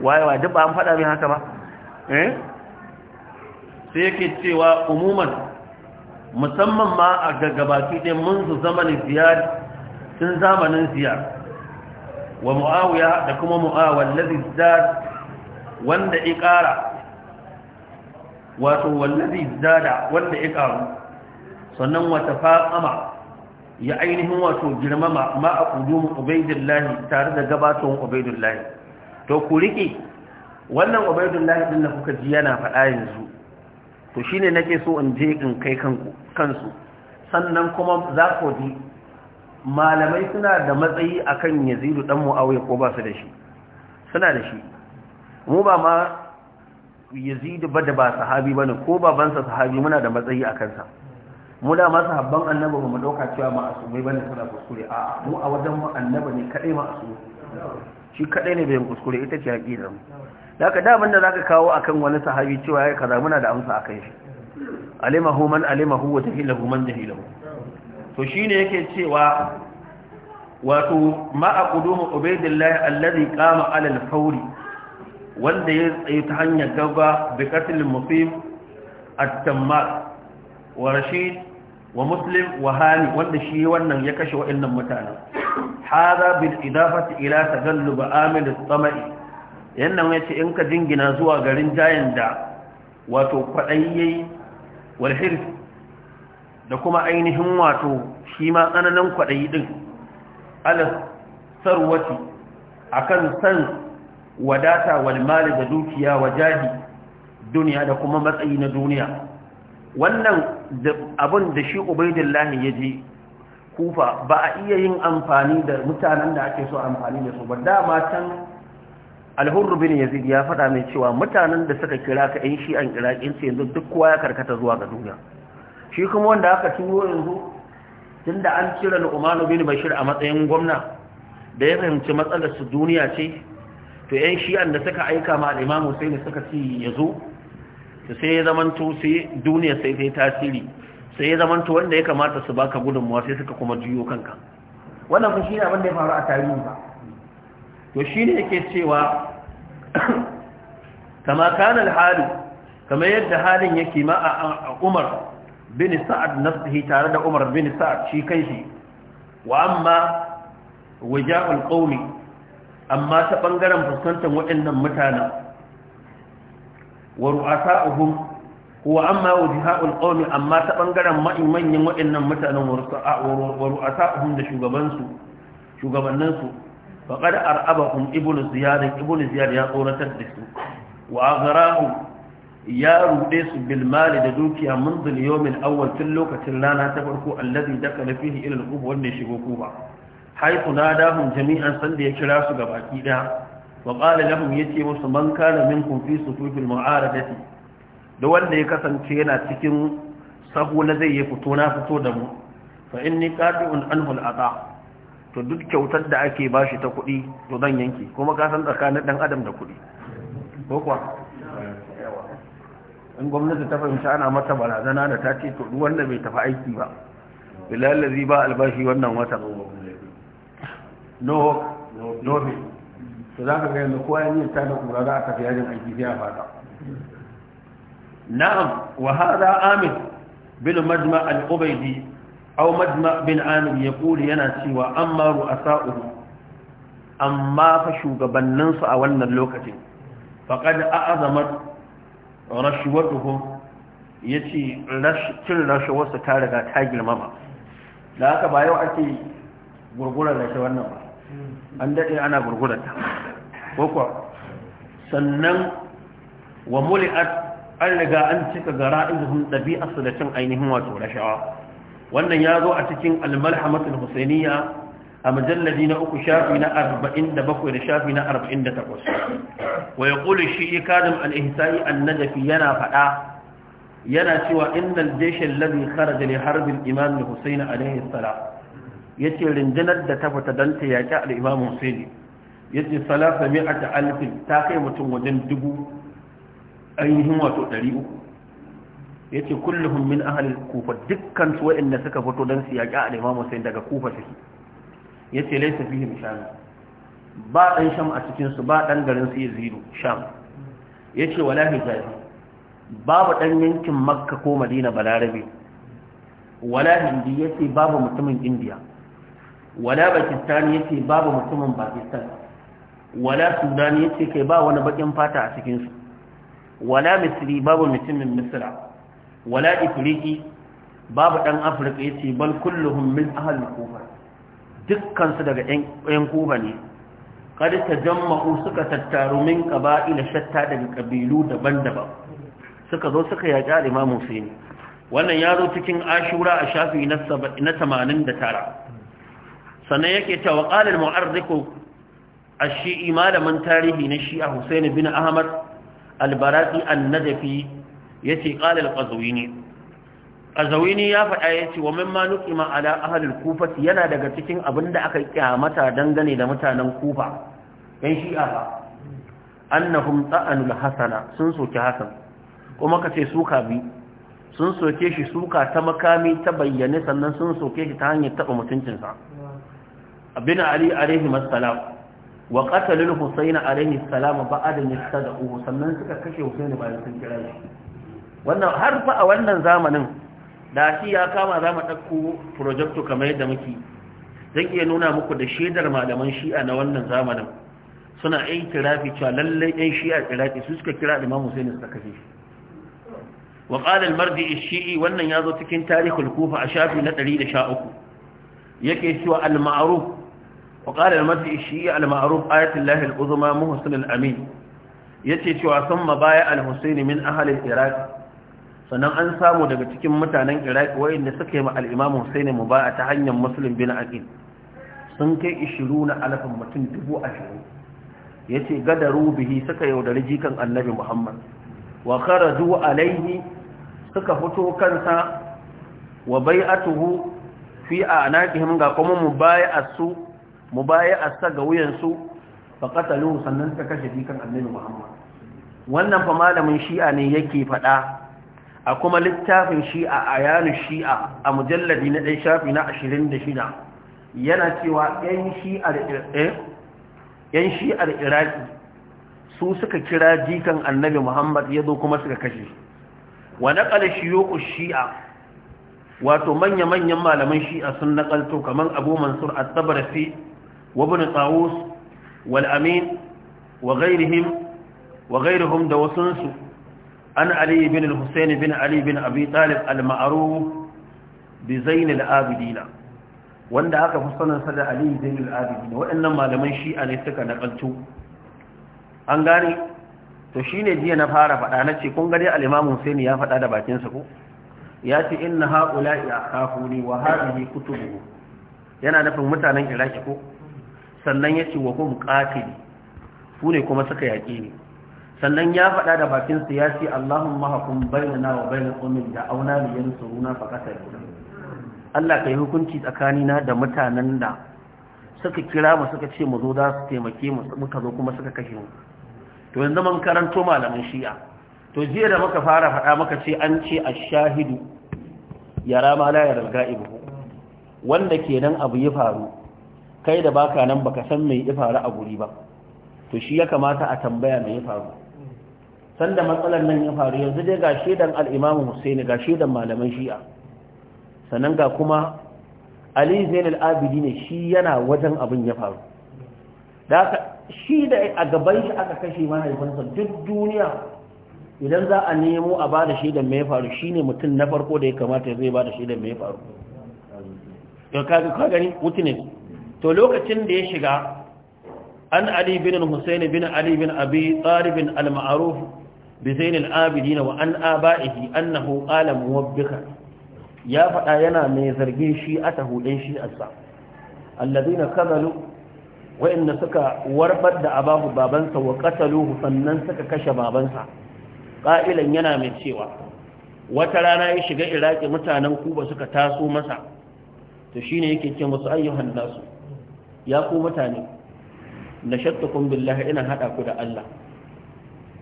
waye wa duk ba an faɗa min haka ba eh sai yake cewa umuman musamman ma a gaggabaki ɗin mun su zamanin ziyar tun zamanin ziyar wa mu'awiya da kuma mu'awar lazi zad wanda ya ƙara wato wallazi zada wanda ya ƙaru sannan wata fa'ama ya ainihin wato girmama ma a ƙudumin ubaidullahi tare da gabatowar ubaidullahi to ku riƙe wannan ubaidullahi ɗin na kuka ji yana faɗa yanzu to shi ne nake so in je in kai kansu sannan kuma za ku ji malamai suna da matsayi a kan yazidu ɗan mu'awai ko ba su da shi suna da shi mu ba ma yazidu ba da ba sahabi ba ne ko babansa sahabi muna da matsayi a kansa mu da masu habban annaba ba mu ɗauka cewa ma asumai bane suna kuskure a mu a wajen mu annaba ne kadai ma asumai shi kadai ne bai kuskure ita ce haƙi mu da ka daban da za kawo a kan wani sahabi cewa ya kaza muna da amsa a kan shi alimahu man alimahu wa jahilahu man jahilahu to shine yake cewa wato ma'a ƙudumu ubaidillahi alladhi qama al fauri wanda ya tsaye ta hanyar gaba bi qatl muslim at-tammar wa rashid wa muslim wa hali wanda shi wannan ya kashe wa'annan mutane hada bil idafati ila tagallub amil as-sama'i yannan yace in ka jingina zuwa garin jayin da wato kwadayi wal hirf da kuma ainihin wato shi ma tsananan kwadayi din ala sarwati akan san wadata wal mali da dukiya wa wajahi duniya da kuma matsayi na duniya wannan abin da shi Ubaidullahi ya ji kufa ba a iya yin amfani da mutanen da ake so amfani da su ba dama can alhurru bin yazid ya faɗa mai cewa mutanen da suka kira ka yan shi an iraƙin ce yanzu duk kowa ya karkata zuwa ga duniya shi kuma wanda aka turo yanzu tun da an cire nu'manu bin bashir a matsayin gwamna da ya fahimci matsalar su duniya ce to yan shi'an da suka aika ma al-imam suka ci ya zo sai ya zamanto sai duniya sai yi tasiri sai ya zamanto wanda ya kamata su baka gudunmuwa sai suka kuma juyo kanka wannan shi ne abin da ya faru a tarihi ba to shine yake cewa kama kana al kamar yadda halin yake ma a Umar bin Sa'ad nafsihi tare da Umar bin Sa'ad shi kanshi wa amma wajahul qaumi amma ta bangaren fuskantar waɗannan mutanen wa ru'asa'uhum wa amma wajha'ul qawmi amma ta bangaren manyan waɗannan mutanen wa ru'asa'uhum da shugabanninsu faqad ar'abahum ibnu ziyad ibnu ziyad ya tsoratar da su wa aghrahum ya rude su bil da dukiya mun dul yawmin awwal tun lokacin rana ta farko allazi dakala fihi ila al-qub wanda shigo kuba haythu nadahum jami'an sanda ya kira su gabaki daya wa qala ya ce musu man kana minkum fi sufufil mu'aradati da wanda ya kasance yana cikin sahu na zai yi fito na fito da mu fa inni qati'un anhu al'ata to duk kyautar da ake bashi ta kuɗi to zan yanke kuma ka san tsakanin dan adam da kuɗi ko kuwa in gwamnati ta fahimci ana mata barazana da ta ce to duk wanda bai tafi aiki ba bilalazi ba albashi wannan watan no no to za ka ga yanzu kowa ya niyyar tada kura za a tafi yajin aiki sai a fata na'am wa hada amin bin majma al-ubaidi aw majma bin amin ya kuli yana cewa a ru'asa'uhu amma fa shugabanninsu a wannan lokacin faqad a'azamat ya yace cin rashwarsu ta riga ta girmama da haka ba yau ake gurgurar rashe wannan ba an daɗe ana gurgurar ta ko kuwa sannan wa muli an riga an cika gara izuhun ɗabi'arsu da cin ainihin wato rashawa wannan ya zo a cikin almalhamatul husainiya a majalladi na uku shafi na arba'in da bakwai da shafi na arba'in da takwas wa ya ƙuli shi ikadin al'ihisai Najafi yana faɗa yana cewa innal jeshin ladin da li harbin imam husaini alaihi salam yace rindinar da ta fita don ta yaƙi yaki al-Imam Husaini yace salasa mi'ata alf ta kai mutum wajen dubu ainihin wato ɗari 300 yace kulluhum min ahli kufa dukkan su wa'anda suka fito don su yaki al-Imam Husaini daga kufa take yace laysa fihim sham ba ɗan sham a cikin su ba ɗan garin su yazidu sham yace wala hijabi babu ɗan yankin makka ko madina balarabe wala hindi yace babu mutumin indiya wala pakistan yace babu mutumin pakistan wala sudani yace kai ba wani bakin fata a cikinsu. wala misri babu mutumin misra wala ifriki babu ɗan afirka yace bal kulluhum min ahli kufa dukkan daga yan kufa ne ta jammau suka tattaru min na shatta daga ƙabilu daban-daban suka zo suka yaƙi al-Imam wannan ya zo cikin Ashura a shafi na 89 sannan yake cewa qalil mu'arriku a shii malamin tarihi na shi'a Husain bin Ahmad al annadafi an-Najfi yace qalil qazwini qazwini ya faɗa yace wa mimma nuqima ala ahli kufa yana daga cikin abinda aka kyamata dangane da mutanen Kufa yan shi'a ba annahum ta'anul hasana sun soki hasan kuma kace suka bi sun soke shi suka ta makami ta bayyane sannan sun soke shi ta hanyar taɓa mutuncinsa bin ali alaihi assalam wa qatalul husayn alaihi assalam ba'da yastad'u sannan suka kashe husayn bayan sun kira shi wannan har fa a wannan zamanin da shi ya kama za mu ɗauko projecto kamar yadda muke zan iya nuna muku da shaidar malaman shi'a na wannan zamanin suna yin kirafi cewa lallai ɗan shi'a iraki su suka kira imam husaini suka kashe shi wa qala al-mardi shii wannan yazo cikin tarihul kufa a shafi na 113 yake cewa al-ma'ruf وقال المسيح الشيعي المعروف آية الله العظمى محسن الأمين yace cewa sun mabaya al-Husaini min ahalin Iraq sannan an samu daga cikin mutanen Iraq wayanda suka yi ma al-Imam Husaini mubaya ta hanyar Muslim bin Aqil sun kai 20 alafin mutum 20 yace gadaru bihi suka yaudari jikan Annabi Muhammad wa kharaju alayhi suka fito kansa wa bai'atuhu fi anaqihim ga kuma mubaya'a su mubaya'arsa ga wuyansu fa qataluhu sannan suka kashe dikan annabi Muhammad wannan fa malamin shi'a ne yake faɗa a kuma littafin shi'a ayanu shi'a a mujalladi na ɗan shafi na 26 yana cewa yan shi'ar eh, yan shi'ar iraki su suka kira jikan annabi Muhammad ya zo kuma suka kashe wa shi'a wato manya-manyan malaman shi'a sun nakalto kamar abu mansur at-tabarasi وابن طاووس والأمين وغيرهم وغيرهم دوسنس عن علي بن الحسين بن علي بن أبي طالب المعروف بزين الآبدين wanda aka fi sanin sa da Ali Zainul Abidin waɗannan malaman shi'a ne suka nakalto an gane to shine jiya na fara faɗa na ce kun gari al-Imam Hussein ya faɗa da bakin ko ya ce inna haula'i akhafuni yana nufin mutanen Iraki ko sannan ya ce wa hum ƙatili su ne kuma suka yaƙi ne sannan ya faɗa da bakin siyasi Allahumma hakum bainana wa bayyana tsomin da auna ƙasa yansuruna faqatal Allah ka yi hukunci tsakanina da mutanen da suka kira mu suka ce mu zo za su taimake mu muka zo kuma suka kashe mu to yanzu mun karanto malamin shi'a to jiya da muka fara faɗa muka ce an ce a shahidu yara ma la yarga ibu wanda kenan abu ya faru kai da baka nan baka san mai ya faru a guri ba to shi ya kamata a tambaya mai ya faru sanda matsalar nan ya faru yanzu dai ga shedan al-Imam Husaini ga shedan malaman Shi'a sannan ga kuma Ali Zainal Abidi ne shi yana wajen abin ya faru da shi da a gaban shi aka kashe mahaifinsa duk duniya idan za a nemo a bada shedan mai ya faru shine mutum na farko da ya kamata zai bada shedan me ya faru ka ga ka gani to lokacin da ya shiga an ali bin husayn bin ali bin abi talib al-ma'ruf bi Abidi na wa'an wa an aba'ihi annahu muwabbika ya faɗa yana mai zargin shi a tahudin shi asa alladhina kazalu wa suka warbar da abahu babansa wa qataluhu sannan suka kashe babansa ƙailan yana mai cewa wata rana ya shiga iraki mutanen kuba suka taso masa to shine yake ce wasu ayyuhan nasu ya ku mutane na shattukun billahi ina haɗa ku da Allah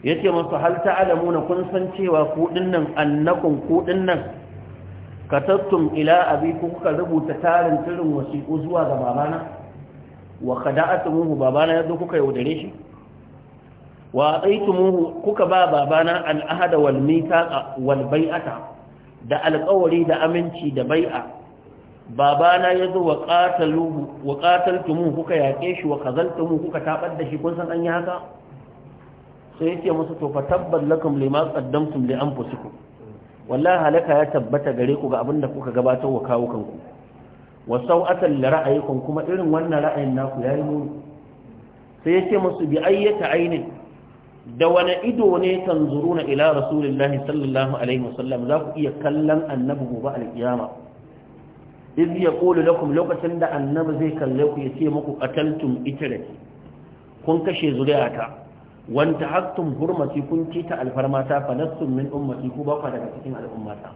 ya ce masu hal Adamu na kun san cewa kuɗin nan annakun kuɗin nan ka tattun ila abi ku kuka rubuta tarin tirin wasiƙu zuwa ga babana wa kada'atumuhu babana zo kuka yaudare shi wa tsaitumuhu kuka ba babana al'ahada wal mita wal bai'ata da alƙawari da aminci da bai'a babana ya zo wa ƙataltumu kuka yaƙe shi wa kazaltumu kuka taɓar da shi kun san an yi haka sai yake musu tofa tabbat tabbal lakum lima qaddamtum li anfusikum wallahi halaka ya tabbata gare ku ga abin da kuka gabatar wa kawo kanku wa sau'atan da ra'ayikum kuma irin wannan ra'ayin naku ya yi muni. sai yake musu bi ayyata ainin da wani ido ne tanzuruna ila rasulillahi sallallahu alaihi wasallam za ku iya kallon annabi gobe alkiyama iz yaqulu lakum lokacin da annabi zai kalle ku yace muku qataltum itrati kun kashe zuriyata wanta haktum hurmati kun kita alfarmata falastum min ummati ku baka daga cikin al'ummata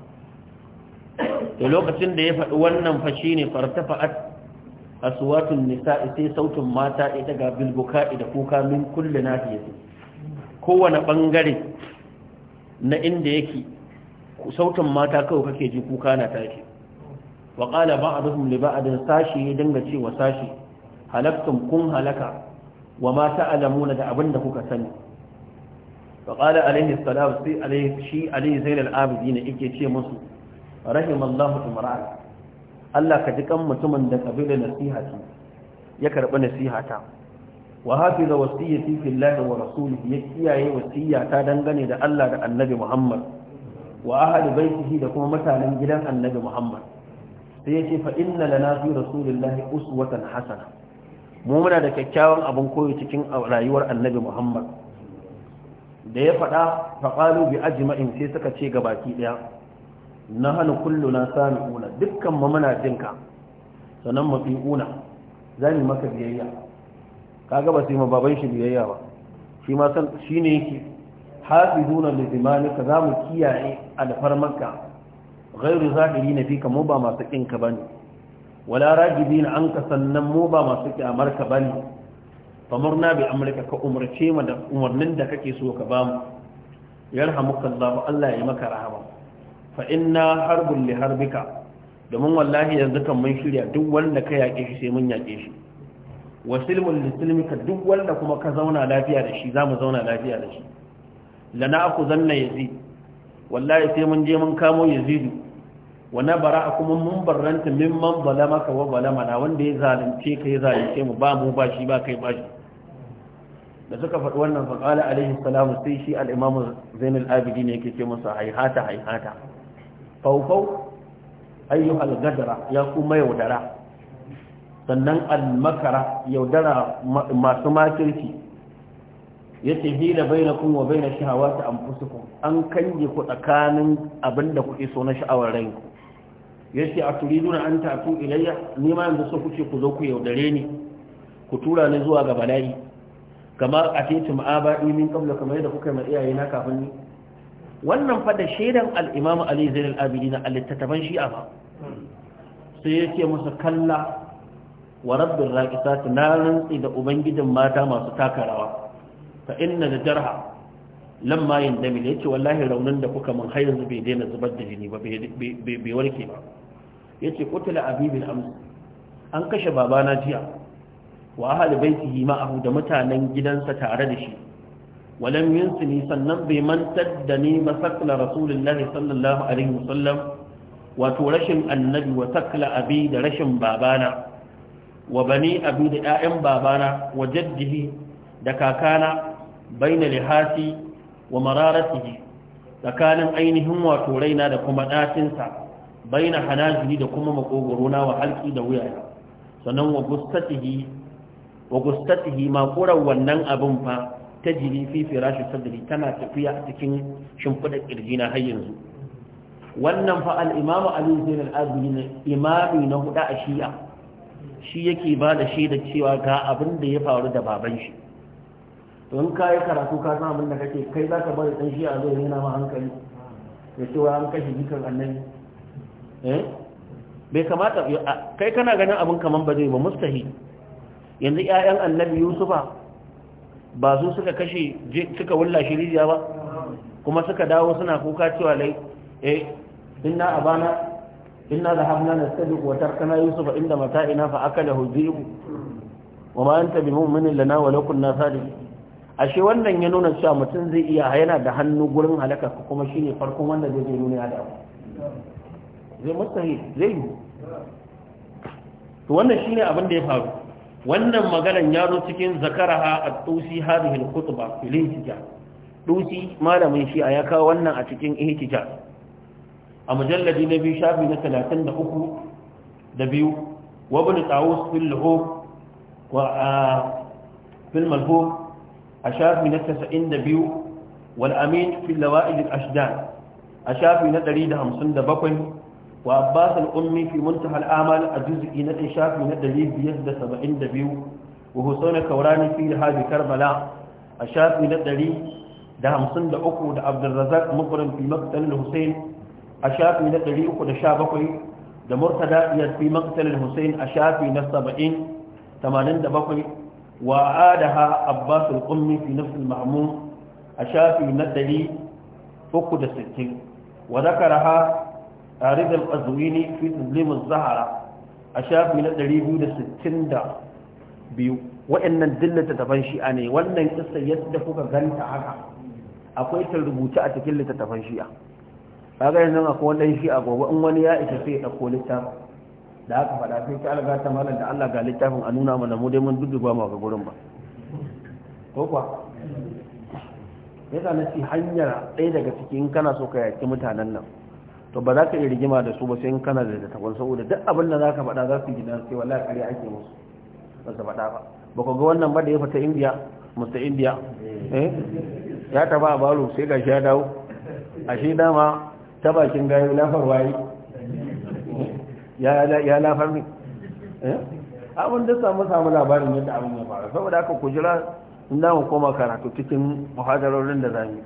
to lokacin da ya faɗi wannan fa shine fartafa'at aswatun nisa'i sai sautin mata ita ga bilbuka'i da kuka min kullu nafiyati kowane bangare na inda yake sautin mata kawai kake ji kuka na tashi wa ba a li liba'adin sashi ya dinga cewa sashi halaktum kun halaka wa ma ta'lamuna da abin da kuka sani fa qala alaihi salatu sai shi alaihi zainal abidin yake ce musu rahimallahu imra'a Allah ka ji kan mutumin da kabila nasihati ya nasiha nasihata wa hafiza wasiyyati fillahi wa rasulihi ya kiyaye ta dangane da Allah da Annabi Muhammad wa ahli baitihi da kuma mutanen gidan Annabi Muhammad sai ya ce fa na lana fi rasulullahi uswatan hasana mu muna da kyakkyawan abin koyo cikin rayuwar annabi muhammad da ya faɗa faƙalu bi ajma'in sai suka ce ga baki ɗaya na hana kullu na sami una dukkan mu muna jinka sannan mu una za mu maka biyayya kaga ba sai mu baban shi biyayya ba shi ma san shine yake hafizuna li ka za mu kiyaye alfarmanka ghairu zahiri na fika mu ba masu kinka bane wala rajibi an ka sannan mu ba masu kyamar ka bane famarna bi amurka ka umarce mu da umarnin da kake so ka bamu yarhamuka Allah Allah ya maka rahama fa inna harbun li harbika domin wallahi yanzu kan mun shirya duk wanda ka yaƙe shi sai mun yaƙe shi wa silmul lislimika duk wanda kuma ka zauna lafiya da shi zamu zauna lafiya da shi lana aku zanna yazid wallahi sai mun je mun kamo yazidu. Wani na bara kuma mun barranta mimman balamaka wa na wanda ya zalunce ka ya zalunce mu ba mu ba shi ba kai ba shi da suka faɗi wannan faƙala alaihi salamu sai shi al'imamu zainul abidi ne yake ce musu haihata haihata faufau ayyu algadara ya kuma yaudara sannan almakara yaudara masu makirci yace hila bainakum wa bainash shahawati anfusukum an kange ku tsakanin abin abinda kuke so na sha'awar ranku ce a turiduna an tatu ilayya ni ma yanzu su kuce ku zo ku yaudare ni ku tura ni zuwa ga bala'i kamar a titi ma'abadi min kabla kamar yadda kuka ma iyaye na kafin ni wannan faɗa shaidan al-imamu ali zain Abidi na alittattafan shi'a ba sai yace masa kalla wa rabbir raqisat na rantsi da ubangijin mata masu takarawa fa inna da jarha lamma ya ce, wallahi raunin da kuka mun har yanzu bai daina zubar da jini ba bai warke ba yace qutila abi bin amr an kashe babana jiya wa su yi ma'ahu da mutanen gidansa tare da shi walam yansini sannan bai mantar da ni ba sakla rasulullahi sallallahu alaihi wasallam wato rashin annabi wa sakla abi da rashin babana wa bani abi da 'ya'yan babana wa jaddihi da kakana baina lihasi wa mararatihi tsakanin ainihin wato raina da kuma ɗacinsa baina hanajiri da kuma makogoro na wa halki da wuya sannan wa gustatihi wa gustatihi wannan abin fa ta jiri fi firashi sadri tana tafiya a cikin kirji na har yanzu wannan fa al-imam Ali Zain al-Azmi imami na huda a Shi'a shi yake ba da da cewa ga abin da ya faru da baban shi to in ka karatu ka san abin da kake kai za ka bari dan Shi'a zai yana ma hankali ya ce wa an kashe dukan annabi Eh? bai kamata kai kana ganin abin kaman ba zai ba mustahi yanzu ƴaƴan annabi yusufa ba su suka kashe suka wulla shi rijiya ba kuma suka dawo suna kuka cewa lai eh inna abana inna zahabna nastabiq wa tarkana yusufa inda mata'ina fa akalahu da wa ma anta bimu'minin lana wa law kunna sadiqin ashe wannan ya nuna cewa mutum zai iya yana da hannu gurin halaka kuma shine farkon wanda zai nuna ya da zai mustahi zai yi to wannan shine abin da ya faru wannan maganar ya zo cikin zakaraha a tsusi hadihin kutuba filin cika tsusi malamin shi a ya kawo wannan a cikin ihtija a mujalladi na biyu shafi na talatin da uku da biyu wabin tsawus fil laho wa a fil malho a shafi na tasa'in da biyu wal fil lawa'ilin ashdan a shafi na ɗari da hamsin da bakwai wa abbas al'ummi fi muntaha al'amal a juz'i na shafi na ɗari biyar da saba'in da biyu wa husaini kaurani fi da haji karbala a shafi na ɗari da hamsin da uku da abdulrazak mukurin fi maktalin hussein a shafi na ɗari uku da sha bakwai da murtada iyar fi maktalin hussein a shafi na saba'in tamanin da bakwai wa adaha abbas al'ummi fi nafsul mahmud a shafi na ɗari uku da sittin وذكرها tare da azwini fi tuzlimin zahara a shafi na 262 wa'annan dillata taban shi'a ne wannan kissa yadda kuka ganta haka akwai ta rubuta a cikin littattafan shi'a kaga yanzu akwai wannan shi'a gobe in wani ya isa sai ya dauko littafin da aka faɗa sai ta alga ta malam da Allah ga littafin a nuna mana mu dai mun dudduba mu ga gurin ba ko kuwa yasa na ci hanyar ɗaya daga cikin kana so ka yaki mutanen nan to ba za ka iya rigima da su ba sai in kana da littattafan saboda duk abin da za ka faɗa za su gina sai wallahi kare ake musu ba su faɗa ba ba ku ga wannan ba da ya fata indiya musta indiya eh ya taba a balo sai ga shi ya dawo a shi dama ta bakin gayo lafar waye ya lafar ne eh? abin da samu samu labarin yadda abin ya faru saboda aka kujira in dama koma karatu cikin muhadarorin da zamu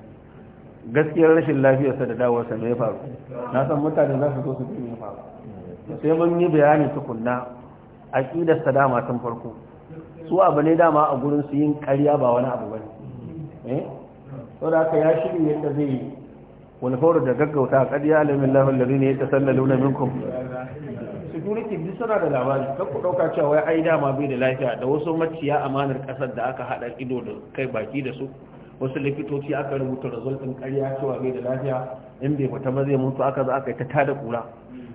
gaskiyar rashin lafiyarsa da dawarsa mai faru na san mutane za su zo su yi faru sai mun yi bayani tukunna a ƙidar sadama tun farko su abu ne dama a gurin su yin ƙarya ba wani abu bane eh to da aka ya shiri yadda zai yi wani fawar da gaggauta a ƙarya alamin lafin da ne ya tasalla luna minkum security duk suna da labari kan ku ɗauka cewa ai dama bai da lafiya da wasu maciya amanar ƙasar da aka haɗa ido da kai baki da su wasu likitoci aka rubuta rezultin din cewa bai da lafiya in bai fita ba zai mutu aka za aka yi ta tada kura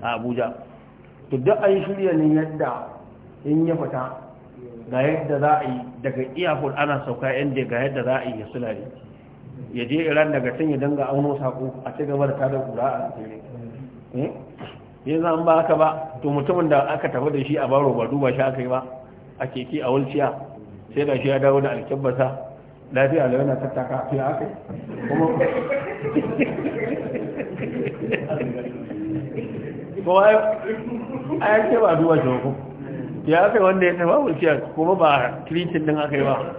a Abuja to duk an shirya ne yadda in ya fita ga yadda za a yi daga iyakun ana sauka yan ga yadda za a yi ya sulare ya je iran daga can ya danga auno sako a ci gaba da tada kura a nigeria eh? ya zan ba haka ba to mutumin da aka tafi da shi a baro ba duba shi aka yi ba a keke a wulciya sai da shi ya dawo da alkyabbasa lafiya da yana tattaka a fiye aka kuma kuma a yanke ba duwa shakku ya aka wanda ya tafa wuciya kuma ba kiricin din aka yi ba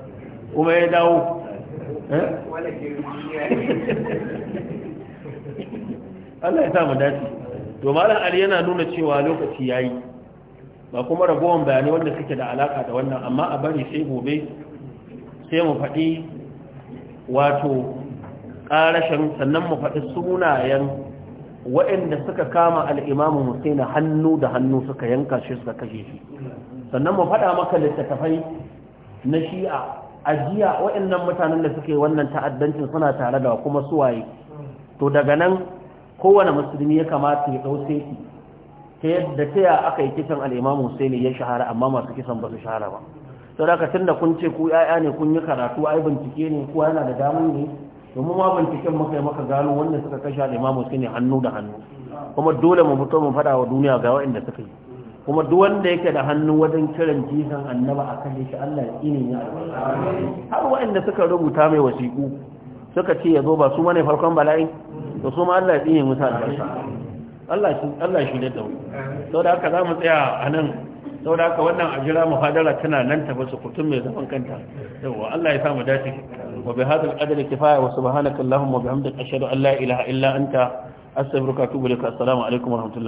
kuma ya dawo eh? Allah ya samu dace to malam Ali yana nuna cewa lokaci yayi ba kuma ragowar bayanai wanda suke da alaka da wannan amma a bari sai gobe sai mu faɗi wato ƙarashin sannan mu faɗi sunayen waɗanda suka kama al'imamu musaina hannu da hannu suka yanka shi suka kashe shi sannan mu faɗa maka littattafai na shi'a ajiya waɗannan mutanen da suke wannan ta'addancin suna tare da kuma suwaye to daga nan kowane musulmi ya kamata ya ɗauke ta yadda ta ya aka yi kisan al'imamu musaini ya shahara amma masu kisan ba su shahara ba sau da ka tunda kun ce ku yaya ne kun yi karatu ai bincike ne kuwa yana da damun ne domin ma binciken muka yi maka gano wanda suka kashe imamu su ne hannu da hannu kuma dole mu fito mu faɗa wa duniya ga waɗanda suka yi kuma duk wanda yake da hannu wajen kiran jisan annaba a kan shi Allah ya ne ya har waɗanda suka rubuta mai wasiƙu suka ce ya zo ba su mane farkon bala'i to su ma Allah ya ne musa albarka Allah shi ne da wuri sau da haka za mu tsaya a nan saboda haka wannan a jira muhadara tana nan ta su kutum mai zaman kanta yawa Allah ya samu dace wa bi hadal adali kifaya wa subhanaka allahumma wa bihamdika ashhadu an la ilaha illa anta astaghfiruka wa atubu ilaik assalamu alaikum wa rahmatullahi